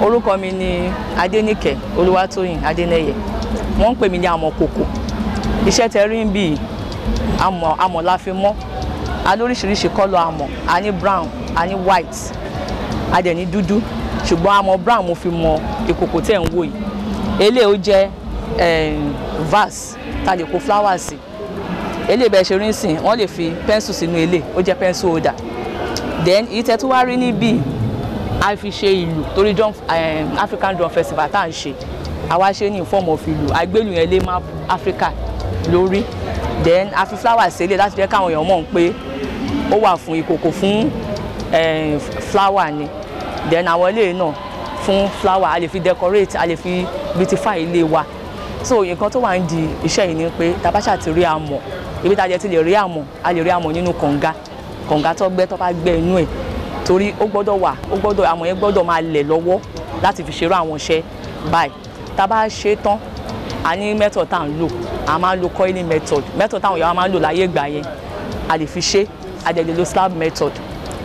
orúkọ mi ni Adéníkẹ́ Olúwatóyìn Adénẹyẹ wọ́n ń pè mí ní amọ̀kòkò iṣẹ́ tẹ rí ń bì amọ̀ amọ̀ la fi mọ́ a lóríṣiríṣi kọ́lọ̀ brown ani white a dẹ̀ ní dúdú ṣùgbọ́n amọ̀ brown mo fi mọ ìkòkò tẹ̀ ń wò yìí eléyìí ó jẹ́ eh, vase ta lè kó flower sí eléyìí bẹ́ẹ̀ ṣe rí sìn wọ́n lè fi pencil sínú eléyìí ó jẹ́ pencil holder then ìtẹ́túwárí níbí a fi ṣe ìlù torí eh, African drum festival tá à ń ṣe àwa ṣe ní form of ìlù àgbélù yẹn lé map Africa lórí then a fi flower sílẹ̀ láti jẹ́ káwọn èèyàn mọ̀ pé ó wà fún ìkòkò fún eh, flower ni then àwọn eléyìí náà fún flower a lè fi decorate a lè fi beautify ilé wa so nǹkan tó wà ń di iṣẹ́ yìí ni pé tabasha ti rí àmọ̀ ibi tá a jẹ ti lè rí àmọ̀ a lè rí àmọ̀ nínú kànga kànga tó gbẹ́ tó bá gbẹ́ inú ẹ̀ torí ó gbọ́dọ̀ wà ó gbọ́dọ̀ amọ̀ yẹn gbọ́dọ̀ máa lẹ̀ lọ́wọ́ láti fi ṣerú àwọn iṣẹ́ báyìí tá a bá ṣe tán a ní method tá à ń lò a máa lo coiling method method táwọn yàrá máa ń lò láyé ìgbà yẹn a lè fi ṣe a dẹ̀ lè lo slab method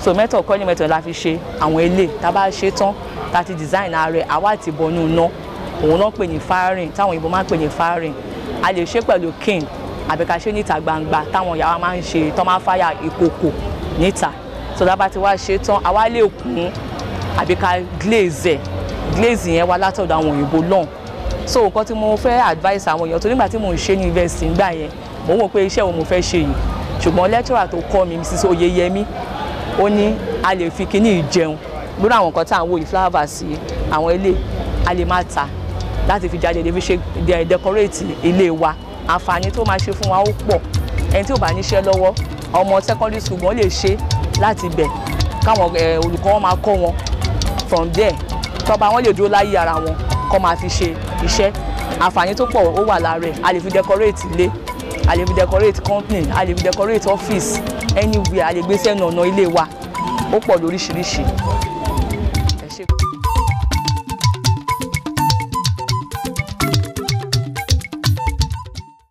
so method coiling method la fi ṣe àwọn ilé tá a bá ṣe tán tá a ti design ààrẹ àwa àti ìbọnú iná òun náà pè ní firing táwọn òyìnbó máa ń pè ní firing a lè ṣe pẹ̀lú cane àbí ká ṣe níta gbangba táwọn yàrá máa ń ṣe tó máa ń fáyà ìkòkò níta so dábàá ti wá ṣe tán àwa lè kún àbí ká glaze ẹ̀ glaze yẹn wá látọ̀dọ̀ àwọn òyìnbó náà so nǹkan tí mo fẹ́ advice àwọn èèyàn tó nígbà tí mò ń ṣe ní university ńgbà yẹn mò ń wò pé iṣẹ́ wo mo fẹ́ ṣe yìí ṣùgbọ́n lecturer tó kọ́ mi Mrs Oyeyemi ó ní a lè fi kíní ìjẹun lórí àwọn nǹkan tá à ń wò yìí flowers yìí àwọn ilé a lè máa tà láti fi jáde débi ṣe decorate ilé wa àǹfààní tó máa ṣe fún wa ó pọ̀ ẹni tí ò bá níṣẹ́ lọ́wọ́ ọmọ secondary school gan lè ṣe láti bẹ̀ káwọn olùkọ́ wọn máa kọ́ wọn from there tọ́ba wọn lè dúró láyé ara wọn kọ́ máa fi ṣe iṣẹ́ àǹfààní tó pọ̀ ó wà lára ẹ̀ a lè fi decorate ilé a lè fi decorate company a lè fi decorate office anywhere a lè gbé sẹ́nu ọ̀nà ilé wa ó pọ̀ lóríṣiríṣi.